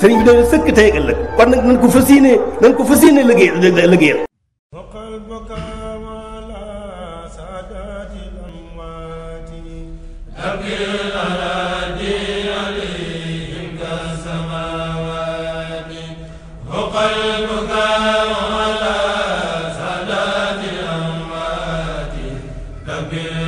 sëriñ bi dana sëkk tey ëllëg kon nag nañ ko fas yéene nañ ko fas yéene liggéeyal liggéeyal Rabbil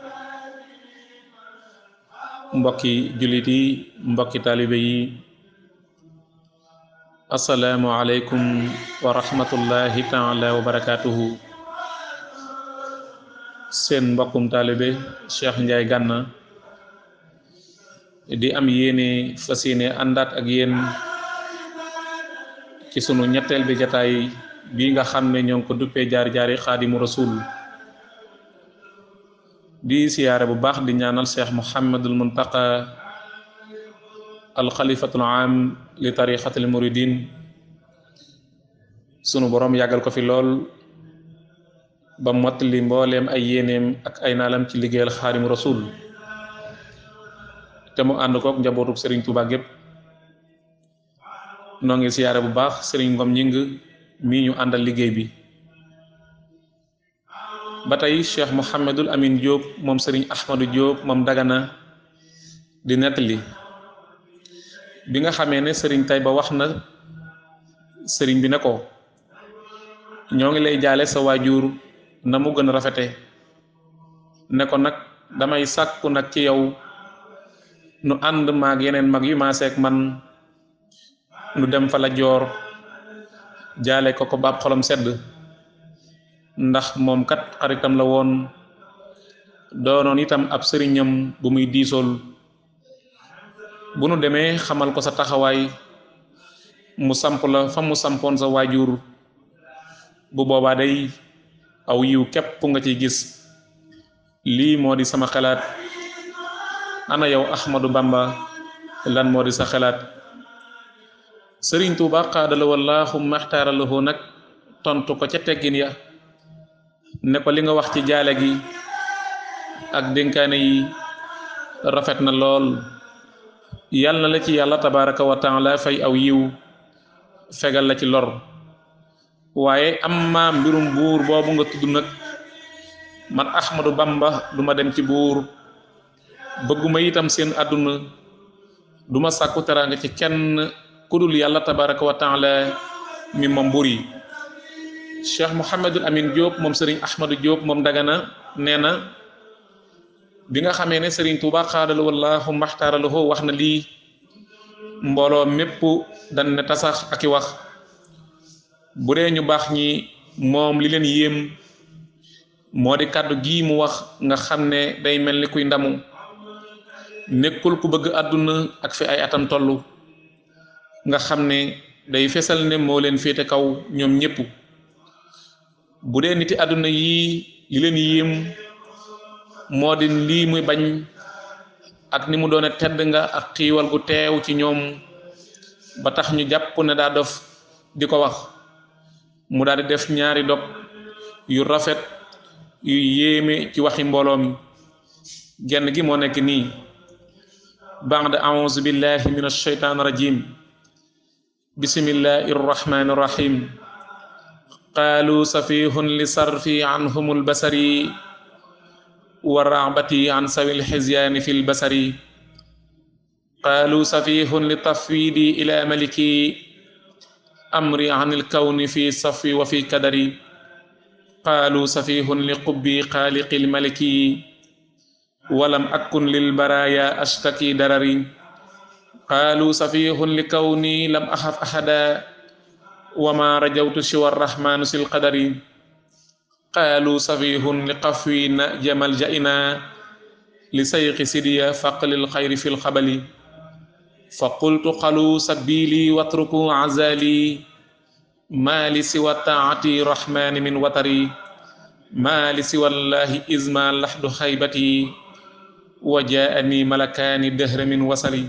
mbokki jullit yi mbokki taalibe yi asalaamu aleykum wa rahmatullahi taala wa barakaatuhu seen mbokkum taalibe Cheikh Ndiaye ganna di am yéene fas yéene àndaat ak yéen ci sunu ñetteel bi jataay bi nga xam ne ñoo ngi ko duppee jaar jaari xaadimu rasul di siyaare bu baax di ñaanal cheikh Mouhamadul Muntaqa alxalifatul am li tarixatil muridin sunu boroom yàggal ko fi lool ba mottali mbooleem ay yéeneem ak ay naalam ci liggéeyal xaarim rasul te mu ànd kook njabootuk sëriñ Tuubaa gépp noo ngi siyaare bu baax sëriñ Ngom ñing mii ñu àndal liggéey bi ba tey cheikh Mouhamadul Amin jóob moom sëriñ Ahmadou jóob moom Dagana di nettali bi nga xamee ne sëriñ tey ba wax na sëriñ bi ne ko ñoo ngi lay jaale sa waajur na mu gën a rafete ne ko nag damay sàkku nag ci yow nu ànd maag yeneen mag yu maaseek man nu dem fa la joor jaale ko ko baab xolam sedd ndax moom kat xaritam la woon doonoon itam ab sëriñam bu muy diisool bu nu demee xamal ko sa taxawaay mu samp la fa mu sampoon sa waajur bu boobaa day aw yiw képp nga ci gis lii moo di sama xalaat ana yow Ahmadou Bamba lan moo di sa xalaat Sëriñ Tuubaa xaadala wallaahu maxtaaralahoo nag tontu ko ca teggin ya ne ko li nga wax ci jaale gi ak dénkaane yi rafet na lool yal na la ci yàlla tabaraka wa taala fay aw yiw fegal la ci lor waaye am maam mbirum buur boobu nga tudd nag man Ahmadu Bamba duma dem ci buur bëgguma itam seen àdduna duma sàkku teraanga ci kenn ku yàlla tabaraka wa taala mi ma mbur yi Cheikh Mouhamadul Amin Diop moom Serigne Ahmadou Diop moom Dagana nee na bi nga xamee ne sëriñ Serigne Touba xaadala wallahu maxtaaralahu wax na lii mbooloo mépp dañ ne tasax ak wax bu dee ñu baax ñi moom li leen yéem moo di kàddu gii mu wax nga xam ne day mel ni kuy ndamu nekkul ku bëgg àdduna ak fi ay atam tollu nga xam ne day fesal ne moo leen féete kaw ñoom ñépp bu dee niti àdduna yi li leen yéem moo di lii muy bañ ak ni mu doone tedd nga ak xiiwal gu teew ci ñoom ba tax ñu jàpp na daa di ko wax mu daal di def ñaari dog yu rafet yu yéeme ci waxi mbooloo mi genn gi moo nekk nii ba'da a'uuzu billahi min ash-shaytaani rajiim bismillahi rahmaani rahim qaalu safihun li sarfi anhum albasari wa raxbati an sawi lxisyaani fi lbasari qaalu safihun li tafwidi ila maliki amri an ilkawni fi safwi wa fi kadari qaalu safihun li qubbi xaaliqi lmaliki walam akkun lilbaraya ashtaki darari qaalu safihun li kawni lam axaf axada وما رجوت سوى الرحمن سي القدر قالوا صفيه لقفوين جمل جئنا لسيق سديا فقل الخير في الخبل فقلت قلوا سبيلي واتركوا عزالي ما لسوى الطاعة رحمن من وتري ما لسوى الله إذ ما لحد خيبتي وجاءني ملكان الدهر من وسري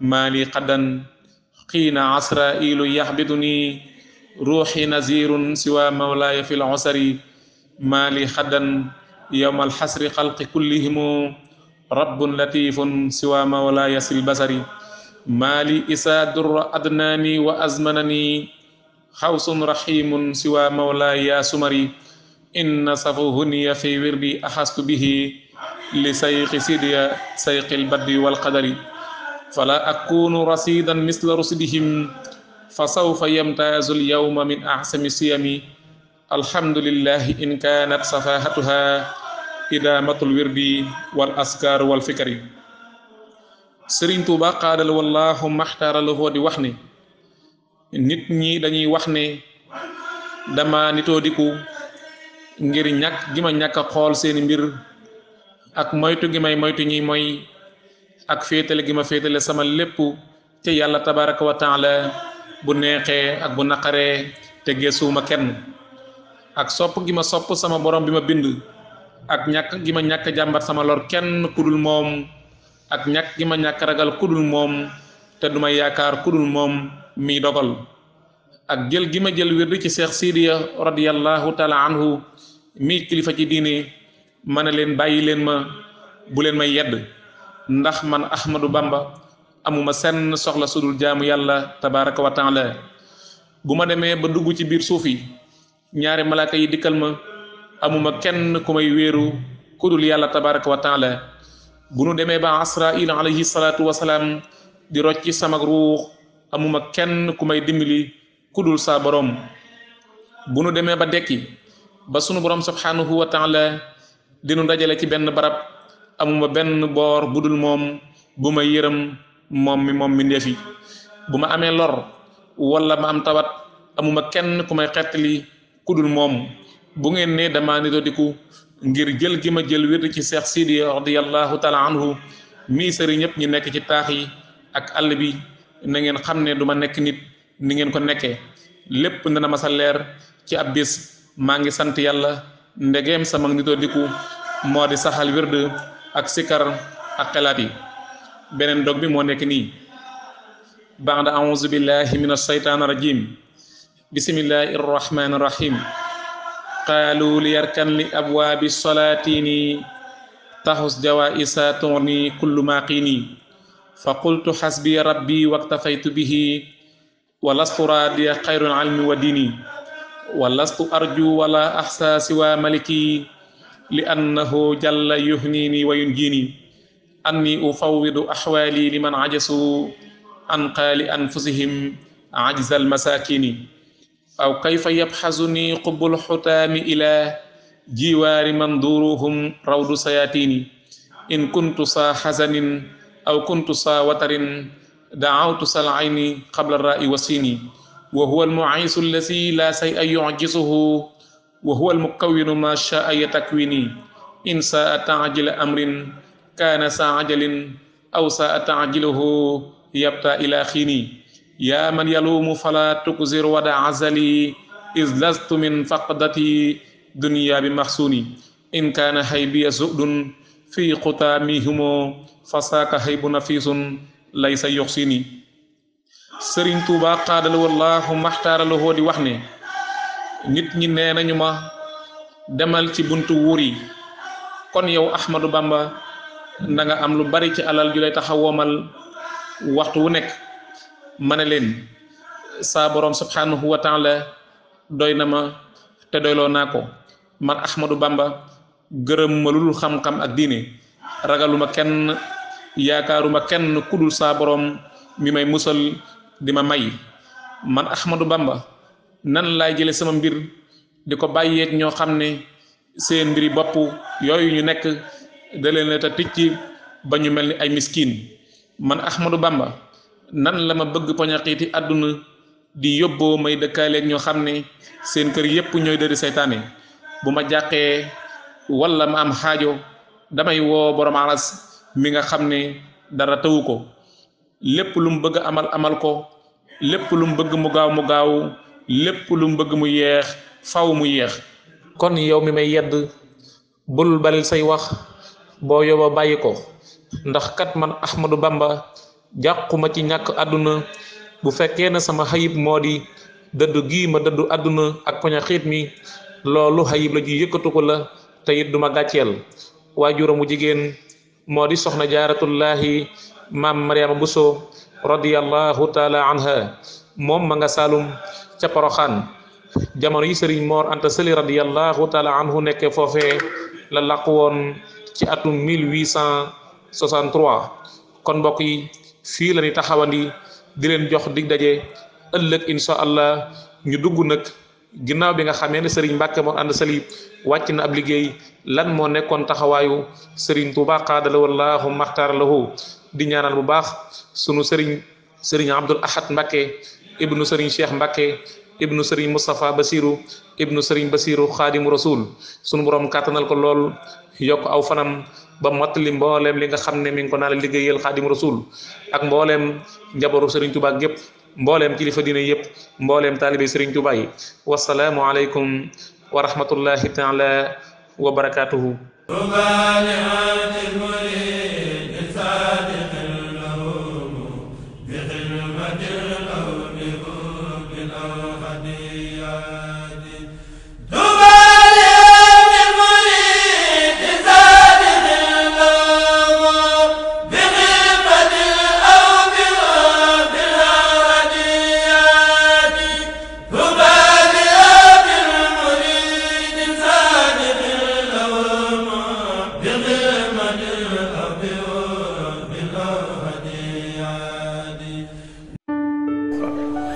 ما لي قدا xiina asrailu yaxbitu nii ruuxi nazirun siwa mawlaaya fi losari maa li xaddan yowma alxasri xalqi kullihimu rabbun latifun siwa mawlaaya sil basari maa li isaa durra adnaani wa azmanani xawsun raximun siwa mawlaaya sumari inna safuhuniya fi wirdi axastu bihi li sayqi sidiya sayqi albaddi walqadari fala akunu rasidan misla rusidihim fa sawfa yamtaazu lyawma min axsami siyami alhamdulillahi in kaanat safahatuha idaamatul wirdi wal askar wal fikri sëriñ tuuba xaadal wallahu maxtaaralahoo di wax ne nit ñi dañuy wax ne dama nitoo diku ngir ñàkk gi ma xool seeni mbir ak moytu gi may moytu ak féetale gi ma féetale sama lépp ci yàlla tabaraka wa taala bu neexee ak bu naqaree te geesuwuma kenn ak sopp gi ma sopp sama borom bi ma bind ak ñàkk gi ma ñàkk jàmbat sama lor kenn kudul moom ak ñàkk gi ma ñàkk ragal kudul moom te du may yaakaar kudul moom mii dogal ak jël gi ma jël wirdi ci Seex Sidiya radiyallahu taala anhu mi kilifa ci diine ma ne leen bàyyi leen ma bu leen may yedd ndax man Ahmadou Bamba amuma senn soxla sudul jaamu yàlla tabaraka wa taala bu ma demee ba dugg ci biir suuf yi ñaari malaaka yi dikkal ma amuma kenn ku may wéeru kudul yàlla tabaraka wa taala bu nu demee ba asrail alayhi salaatu wasalaam di rocc ci sama ruux amuma kenn ku may dimbali kudul saa boroom bu nu demee ba dekki ba sunu borom subhanahu wa taala dinu dajale ci benn barab amuma benn boor bu dul moom bu ma yërëm moom mi moom mi ndeefi bu ma amee lor wala ma am tawat amuma kenn ku may xettali ku moom bu ngeen ne dama nito diku ngir jël gi ma jël wird ci seex sidi radiallahu taala anhu mii sëri ñëpp ñi nekk ci taax yi ak àll bi na ngeen xam ne du ma nekk nit ni ngeen ko nekkee lépp dana ma sa leer ci ab bis maa ngi sant yàlla ndegeem sama nitoo diku moo di saxal wird ak sikar ak xelaat yi beneen dog bi moo nekk nii baada auzu billahi min alsheytaan rajim bismillahi arrahmani irrahim qaalu li yarkan li abwaabi solaatini taxus jawaisa turni kullu maaqini fa qultu xasbiya rabbi waktafaytu bihi wa lastu raadiya xayru alilmi wa diini wa lastu arju wala axsaa siwa maliki li annahu jalla yuhnini wa yunjini anni ufawwidu ahwaali liman ajasu an qaali anfusihim ajza almasakini aw kayfa yabxasuni qubbul xutaami ila jiwaari man duruhum rawdu sayatini in kuntu saa xasanin aw kuntu saa watarin dacawtu salcayni qabla raa'i wasini wa huwa almuciisu allazi laa say an yucjisuhu wa huwa almukawinu ma shaa ya takwini in saa taajila amrin kaana saa ajalin aw saa taajiluhu yabta ila xiini yaa man yaluumu fala tukzir wada azali is lastu min faqdati dunya bi maxsuuni in kaana haybiya sudun fi xutaamihumo fasaaka haybu nafisun laysa yuxsini sëriñ tuuba qaadal wallahu maxtaaralahu di wax ne nit ñi nee nañu ma demal ci buntu wuur yi kon yow Ahmadu Bamba na am lu bari ci alal ju lay tax a waxtu wu nekk ma ne leen saa borom subhanahu wa taala doy na ma te doyloo naa ko man Ahmadu Bamba gërëm ma lul xam-xam ak diine ragaluma kenn yaakaaruma kenn kudul saa mi may musal di ma may man Ahmadu Bamba nan laay jële sama mbir di ko bàyyeeg ñoo xam ne seen mbiri bopp yooyu ñu nekk da leen ticc ba ñu mel ni ay miskin man Ahmadou bàmba nan la ma bëgg poñaxiiti àdduna di yóbboo may dëkkaaleeg ñoo xam ne seen kër yépp ñooy dëri seytaane bu ma jàqee wala ma am xaajo damay woo borom aras mi nga xam ne dara tawu ko lépp lu bëgg amal amal ko lépp lum mu bëgg mu gaaw lépp lu mbëgg mu yeex faw mu yeex kon yow mi may yedd bul balil say wax boo yow yoba bàyyi ko ndax kat man Ahmadou Bamba jàquma ci ñàkk àdduna bu fekkee na sama xayib moo di dëddu gii ma dëddu àdduna ak poña mi loolu xayib la ju yëkkatu ko la te it duma gàcceel waajuramu jigéen moo di soxna jaaratullahi maam Mariama Buso radiyallahu taala anha moom ma nga saalum ca poroxaan jamono yi sëriñ moor anta sëli radiallahu taala anhu nekkee foofee la làqu woon ci atum 1863 kon mbokk yi fii lañuy ñuy di leen jox dig daje ëllëg insha allah ñu dugg nag ginnaaw bi nga xamee ne sëriñ Mbàkke Mor ànd Sali wàcc na ab liggéey lan moo nekkoon taxawaayu sëriñ Tuubaa xaadala wallaahu maxtaara lahu di ñaanal bu baax sunu sëriñ sëriñ Abdul Ahad Mbàkke ibnu sëriñ cheikh Mbakke ibnu sëriñ Moustapha Basiru ibnu sëriñ Basiru xaadimu rasul sunu borom kàttanal ko lool yokk aw fanam ba mottali mbooleem li nga xam ne mi ngi ko naan liggéeyal xaadimu rasul ak mbooleem njaboru sëriñ Tuubaa yépp mbooleem kilifa diine yépp mbooleem taalibe sëriñ Tuubaa yi wasalaamu aleykum wa rahmatullahi taala wa barakaatuhu.